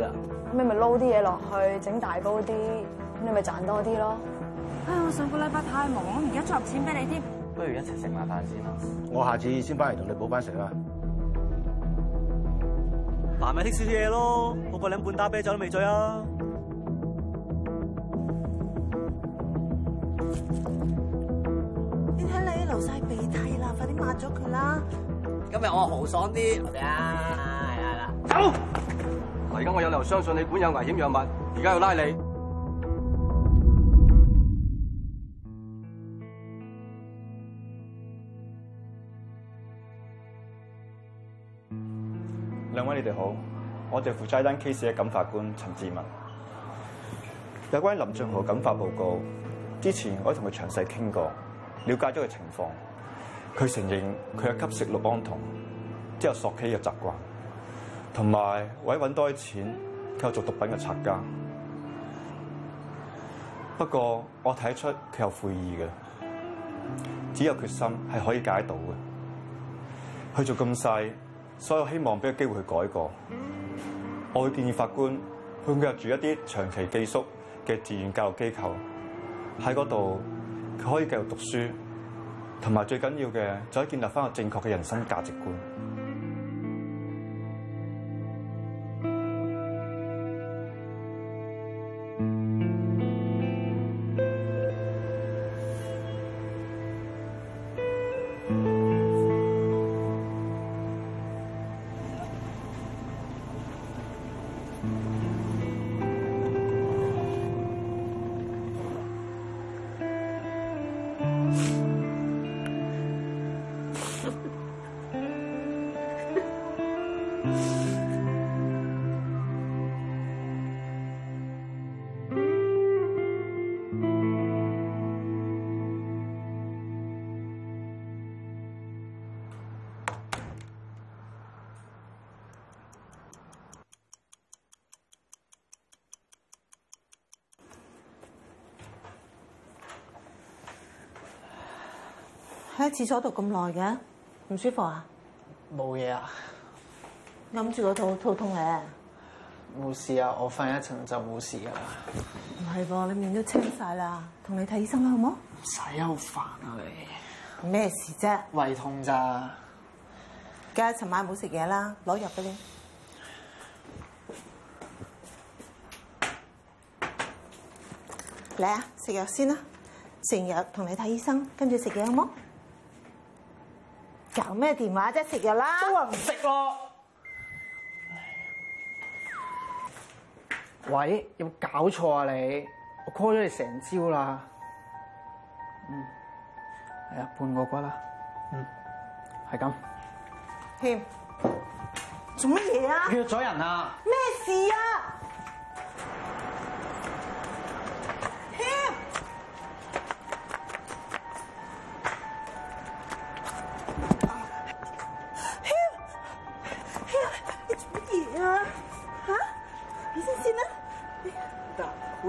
咁你咪撈啲嘢落去整大煲啲，咁你咪賺多啲咯。唉，我上個禮拜太忙，而家入錢俾你添。不如一齊食埋飯先啦。我下次先翻嚟同你補班食啦。飯埋啲少少嘢咯，我份兩半打啤酒都未醉啊。你睇你流晒鼻涕啦，快啲抹咗佢啦。今日我豪爽啲，阿 s i 係啦，走。嚟，而家我有理由相信你管有危險藥物，而家要拉你。兩位你哋好，我哋負責呢 case 嘅感化官陳志文。有關林俊豪感化報告，之前我同佢詳細傾過，了解咗佢情況。佢承認佢有吸食氯胺酮，即係索 K 嘅習慣。同埋為咗揾多啲錢，佢有做毒品嘅拆家。不過我睇得出佢有悔意嘅，只有決心係可以解到嘅。佢做咁細，所以我希望俾個機會佢改過。我會建議法官，佢入住一啲長期寄宿嘅慈善教育機構，喺嗰度可以繼續讀書，同埋最緊要嘅，就可以建立翻個正確嘅人生價值觀。喺廁所度咁耐嘅，唔舒服啊！冇嘢啊，諗住個肚，肚痛咧。冇事啊，我瞓一層就冇事噶啦。唔係噃，你面都青晒啦，同你睇醫生啦，好唔好？唔使啊，好煩啊你！咩事啫？胃痛咋？梗係尋晚冇食嘢啦，攞藥俾你。嚟啊，食藥先啦。成日同你睇醫生，跟住食嘢好唔好？搞咩電話啫？食嘢啦，都話唔食咯。喂，有冇搞錯啊你？我 call 咗你成朝啦。嗯，係、哎、啊，半個骨啦。嗯，係咁。添麼，做乜嘢啊？約咗人啊？咩事啊？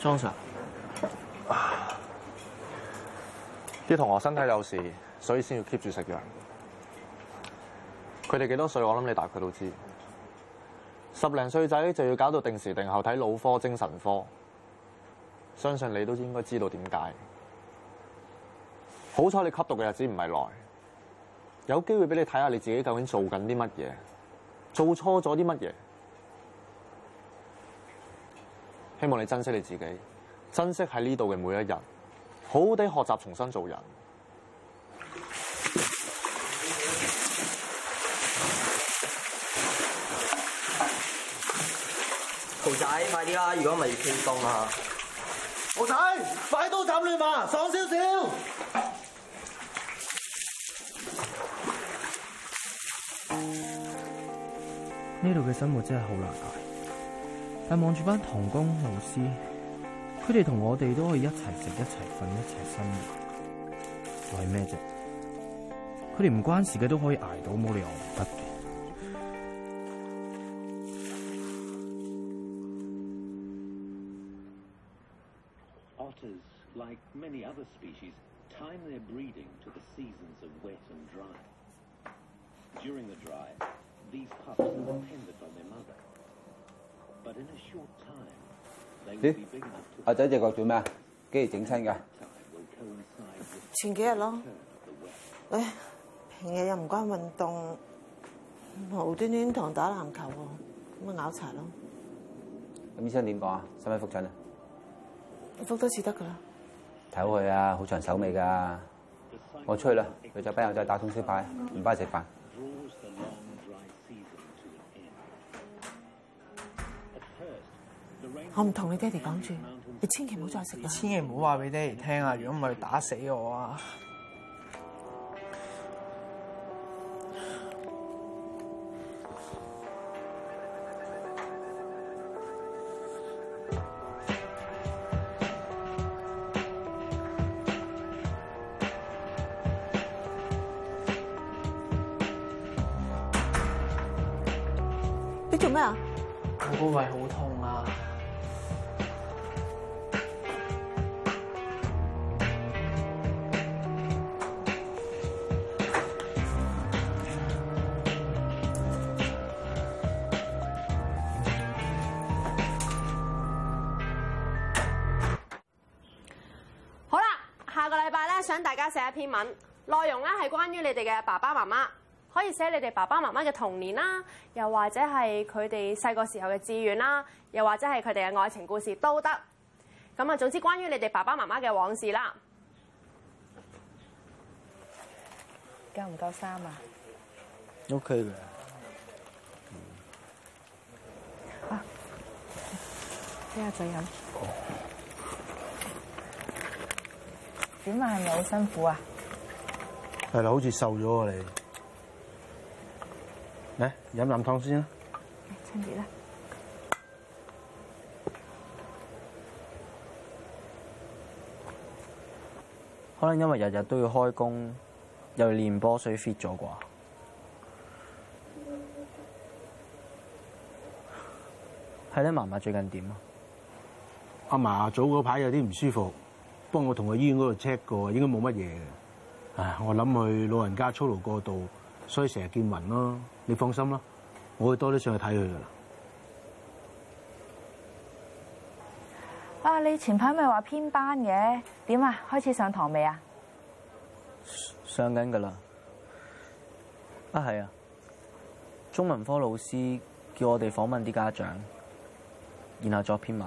裝 s i 啲同學身體有事，所以先要 keep 住食藥。佢哋幾多歲？我諗你大概都知。十零歲仔就要搞到定時定候睇腦科、精神科，相信你都應該知道點解。好彩你吸毒嘅日子唔係耐，有機會俾你睇下你自己究竟做緊啲乜嘢，做錯咗啲乜嘢。希望你珍惜你自己，珍惜喺呢度嘅每一日，好好哋學習重新做人。豪仔，仔，快啲啦！如果唔係要傾風輕鬆啊！豪仔，快刀斬亂麻，爽少少。呢度嘅生活真係好難捱。但望住班童工老師，佢哋同我哋都可以一齊食、一齊瞓、一齊生活，為咩啫？佢哋唔關事嘅都可以挨到，冇理由唔得嘅。 點？阿仔隻腳做咩啊？幾時整親嘅？前幾日咯。喂，平日又唔關運動，無端端同人打籃球喎，咁咪拗柴咯。咁醫生點講啊？使唔使復診啊？復多次得噶啦。睇好佢啊，好長手尾噶。我出去啦，佢就我去左班右再打通宵牌，唔翻去食飯。嗯。我唔同你爹哋講住，你千祈唔好再食啦。千祈唔好話俾爹哋聽啊！如果唔係佢打死我啊！想大家寫一篇文，內容咧係關於你哋嘅爸爸媽媽，可以寫你哋爸爸媽媽嘅童年啦，又或者係佢哋細個時候嘅志願啦，又或者係佢哋嘅愛情故事都得。咁啊，總之關於你哋爸爸媽媽嘅往事啦。夠唔夠衫啊？O K 嘅。啊，聽 Okay.、嗯啊、下怎樣。Oh. 點啊，係咪好辛苦啊？係啦，好似瘦咗啊你。嚟飲啖湯先啦。Cheers 啦！可能因為日日都要開工，又練波水 fit 咗啩？係咧，嫲嫲最近媽媽點啊？阿嫲早嗰排有啲唔舒服。幫我同佢醫院嗰度 check 過，應該冇乜嘢。唉，我諗佢老人家操勞過度，所以成日見暈咯。你放心啦，我會多啲上去睇佢噶啦。啊，你前排咪話編班嘅？點啊？開始上堂未啊？上緊噶啦。啊，係啊。中文科老師叫我哋訪問啲家長，然後作篇文。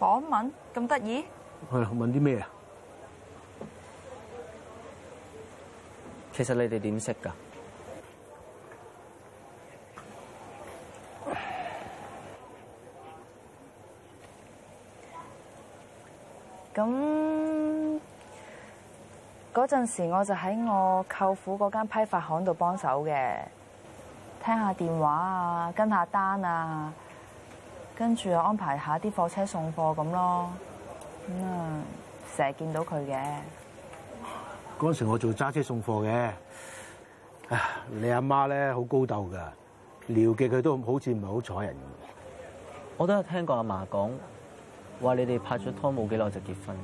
訪問咁得意？係問啲咩啊？其實你哋點識㗎？咁嗰陣時，我就喺我舅父嗰間批發行度幫手嘅，聽下電話啊，跟下單啊，跟住安排下啲貨車送貨咁咯。咁啊，成日、嗯、見到佢嘅。嗰時我做揸車送貨嘅。啊，你阿媽咧好高竇㗎，撩嘅佢都好似唔係好睬人咁。我都有聽過阿嫲講，話你哋拍咗拖冇幾耐就結婚。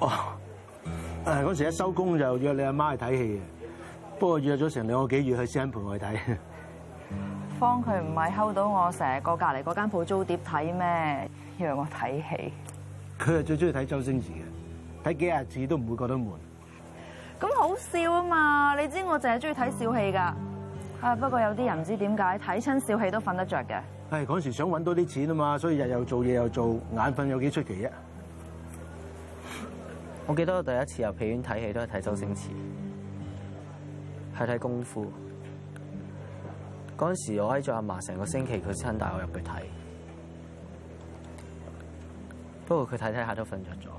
哦，誒嗰時一收工就約你阿媽去睇戲嘅，不過約咗成兩個幾月去 s 仙陪我睇。方佢唔係睺到我成日過隔離嗰間鋪租碟睇咩？以為我睇戲他看。佢係最中意睇周星馳嘅，睇幾廿次都唔會覺得悶。咁好笑啊嘛！你知我淨係中意睇笑戲㗎。啊，不過有啲人唔知看點解睇親笑戲都瞓得着嘅。係嗰時想揾多啲錢啊嘛，所以日又做嘢又又做，眼瞓有幾出奇啫。我記得我第一次入戲院睇戲都係睇周星馳，係睇功夫。嗰時我，我喺咗阿嫲成個星期，佢先帶我入去睇。不過佢睇睇下都瞓着咗。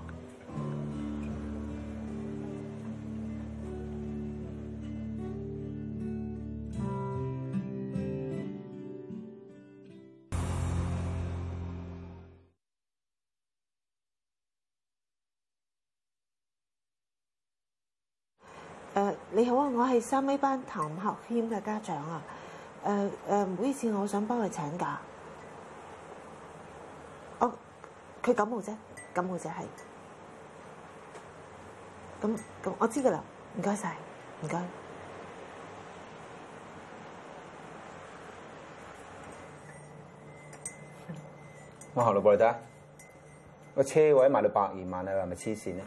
誒，你好啊，我係三 A 班譚學謙嘅家長啊。誒、呃、唔好意思，我想幫佢請假，我佢感冒啫，感冒啫係，我知㗎喇，唔該曬，唔該。我行路過嚟睇，個車位賣到百二萬啊，係咪黐線呢？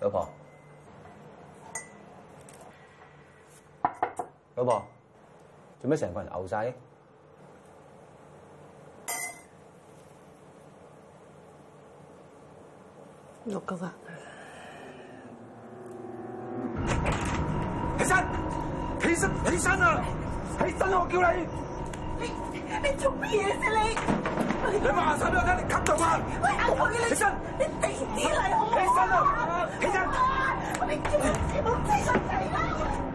老婆。老婆，做咩成個人嘔晒？六九啊！起身，起身，起身啊！起身啊！我叫你，你你做乜嘢啫你？你話晒俾我聽，你吸毒啊！喂，硬殼嘅，起身！你地底嚟嘅，起身啊！起身！啊、我你做乜事冇知足仔啦？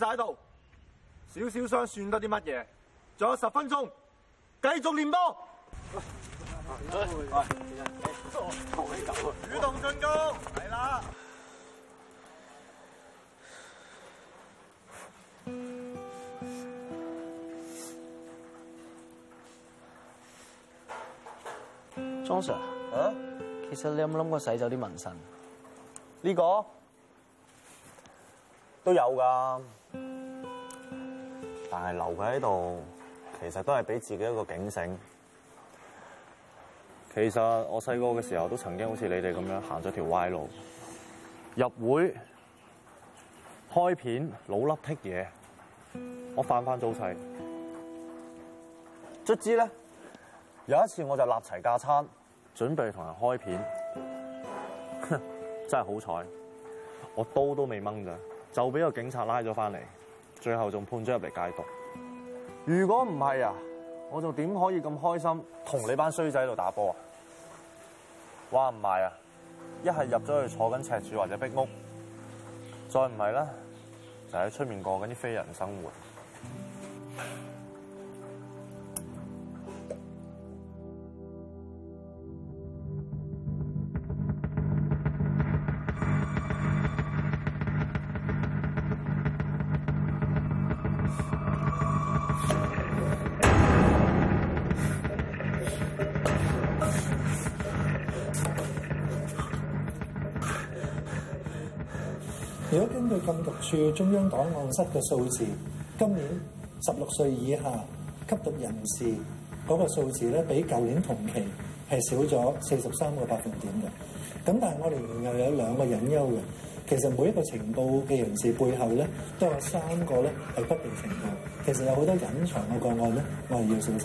喺度，少少傷算得啲乜嘢？仲有十分鐘，繼續練波。哎、主動進攻，係啦。莊 Sir，啊、其實你有冇諗過洗走啲紋身？呢、這個？都有㗎。但係留佢喺度，其實都係俾自己一個警醒。其實我細個嘅時候都曾經好似你哋咁樣行咗條歪路，入會，開片，老粒剔嘢，我返返早晒。卒之呢，有一次我就立齊架餐，準備同人開片， 真係好彩，我刀都未掹噶。就俾個警察拉咗返嚟，最後仲判咗入嚟戒毒。如果唔係啊，我仲點可以咁開心同你班衰仔度打波啊？話唔係啊，一係入咗去坐緊赤柱或者壁屋，再唔係咧，就喺出面過緊啲非人生活。如果根據禁毒處中央檔案室嘅數字，今年十六歲以下吸毒人士嗰個數字咧，比舊年同期係少咗四十三個百分點嘅。咁但係我哋又有兩個隱憂嘅，其實每一個呈報嘅人士背後咧，都有三個咧係不同情況，其實有好多隱藏嘅個案咧，我哋係要小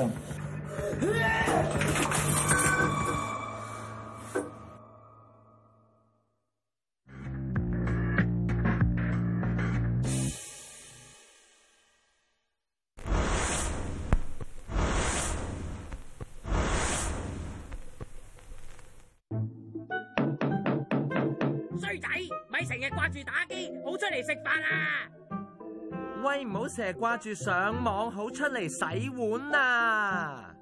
心。衰仔，咪成日掛住打機，好出嚟食飯啊！喂，唔好成日掛住上網，好出嚟洗碗 hey，啊！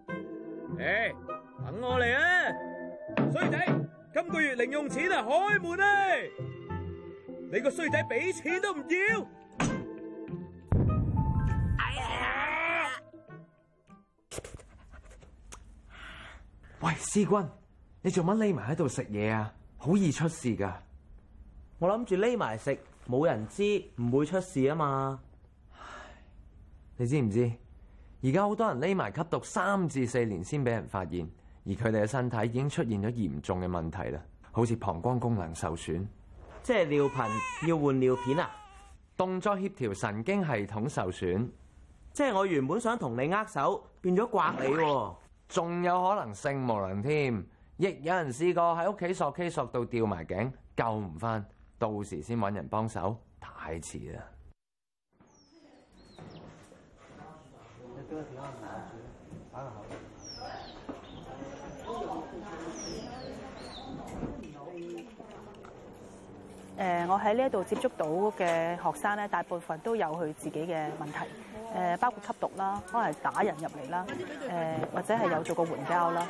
誒，等我嚟啊！衰仔，今個月零用錢啊，開門啊！你個衰仔，俾錢都唔要！哎呀！喂，師君，你做乜匿埋喺度食嘢啊？好易出事噶！我諗住匿埋食，冇人知，唔會出事啊嘛。唉，你知唔知？而家好多人匿埋吸毒，三至四年先俾人發現，而佢哋嘅身體已經出現咗嚴重嘅問題啦，好似膀胱功能受損，即係尿頻要換尿片啊。動作協調神經系統受損，即係我原本想同你握手，變咗刮你啊。仲有可能性無能添，亦有人試過喺屋企索 K 索，索，索到吊埋頸，救唔翻。到時先揾人幫手，太遲啦！誒，我喺呢一度接觸到嘅學生咧，大部分都有佢自己嘅問題，誒，包括吸毒啦，可能係打人入嚟啦，誒，或者係有做過援交啦。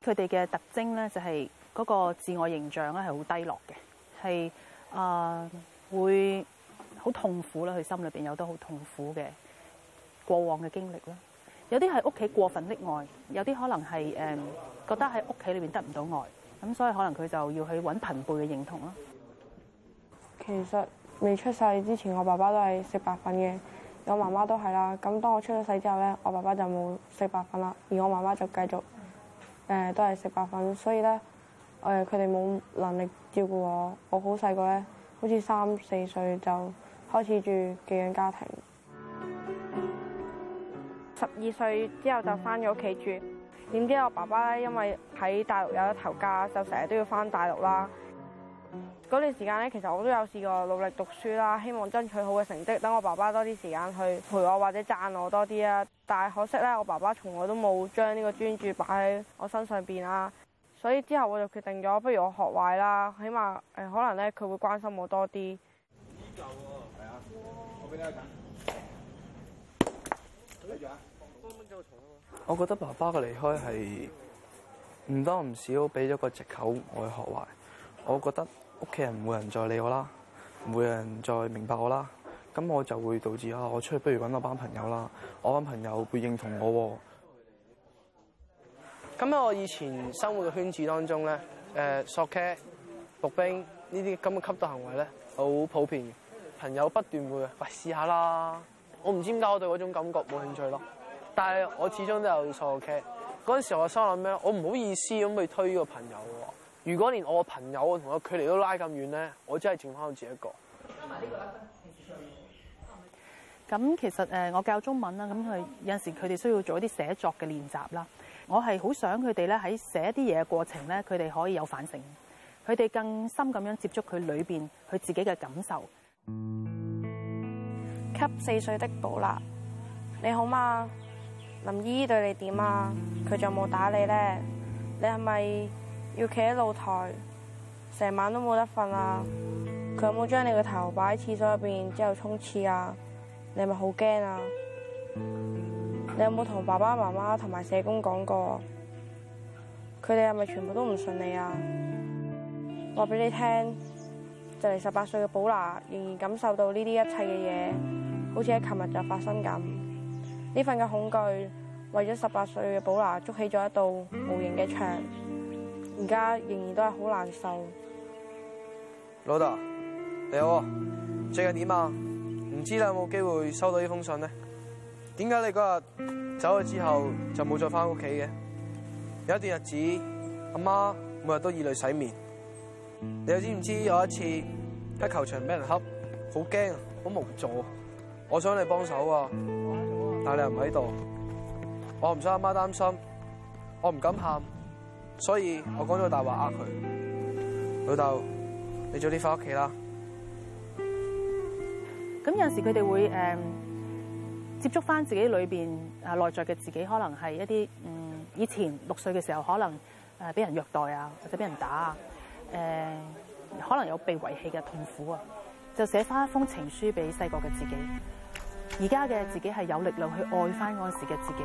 佢哋嘅特徵咧，就係嗰個自我形象咧係好低落嘅，係。啊，會好痛苦啦！佢心裏邊有啲好痛苦嘅過往嘅經歷啦，有啲係屋企過分溺愛，有啲可能係誒、嗯、覺得喺屋企裏邊得唔到愛，咁所以可能佢就要去揾朋輩嘅認同啦。其實未出世之前，我爸爸都係食白粉嘅，我媽媽都係啦。咁當我出咗世之後咧，我爸爸就冇食白粉啦，而我媽媽就繼續誒、呃、都係食白粉，所以咧。誒，佢哋冇能力照顧我，我好細個咧，好似三四歲就開始住寄養家庭。十二歲之後就翻咗屋企住，點知我爸爸咧，因為喺大陸有一頭家，就成日都要翻大陸啦。嗰段時間咧，其實我都有試過努力讀書啦，希望爭取好嘅成績，等我爸爸多啲時間去陪我或者讚我多啲啊。但係可惜咧，我爸爸從來都冇將呢個專注擺喺我身上邊啊。所以之後我就決定咗，不如我學壞啦，起碼誒、呃、可能咧佢會關心我多啲。依舊喎，係啊，我俾大家。做咩做啊？幫幫手坐喎。我覺得爸爸嘅離開係唔多唔少俾咗個藉口我去學壞。我覺得屋企人冇人再理我啦，冇人再明白我啦，咁我就會導致啊，我出去不如揾我班朋友啦，我班朋友會認同我喎。咁喺我以前生活嘅圈子當中咧，誒、呃、索 K、滑冰呢啲咁嘅吸毒行為咧，好普遍。朋友不斷會喂試下啦。我唔知點解我對嗰種感覺冇興趣咯。但係我始終都有索 K 嗰陣時我想，我心諗咩？我唔好意思咁去推呢個朋友喎。如果連我嘅朋友同我距離都拉咁遠咧，我真係凈翻我自己一個。加埋呢個咁其實誒，我教中文啦，咁佢有陣時佢哋需要做一啲寫作嘅練習啦。我係好想佢哋咧喺寫一啲嘢嘅過程咧，佢哋可以有反省，佢哋更深咁樣接觸佢裏邊佢自己嘅感受。給四歲的寶立，你好嗎？林姨姨對你點啊？佢仲有冇打你咧？你係咪要企喺露台，成晚都冇得瞓啊？佢有冇將你個頭擺喺廁所入邊之後沖廁啊？你係咪好驚啊？你有冇同爸爸媽媽同埋社工講過？佢哋係咪全部都唔信你啊？話俾你聽，就嚟十八歲嘅寶娜仍然感受到呢啲一切嘅嘢，好似喺琴日就發生咁。呢份嘅恐懼，為咗十八歲嘅寶娜築起咗一道無形嘅牆，而家仍然都係好難受。老豆，你好啊，最近點啊？唔知你有冇機會收到呢封信呢？點解你嗰日走咗之後就冇再翻屋企嘅？有一段日子，阿媽每日都以淚洗面。你又知唔知有一次喺球場俾人恰，好驚，好無助。我想你幫手喎，但係你又唔喺度。我唔想阿媽擔心，我唔敢喊，所以我講咗個大話呃佢。老豆，你早啲翻屋企啦。咁有陣時佢哋會誒。呃接觸翻自己裏邊啊內在嘅自己，可能係一啲嗯，以前六歲嘅時候，可能誒俾人虐待啊，或者俾人打啊，誒、呃、可能有被遺棄嘅痛苦啊，就寫翻一封情書俾細個嘅自己，而家嘅自己係有力量去愛翻嗰時嘅自己。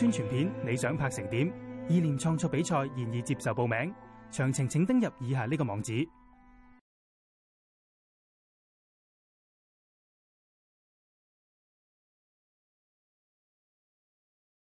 宣傳片你想拍成點？意念創作比賽現已接受報名，詳情請登入以下呢個網址。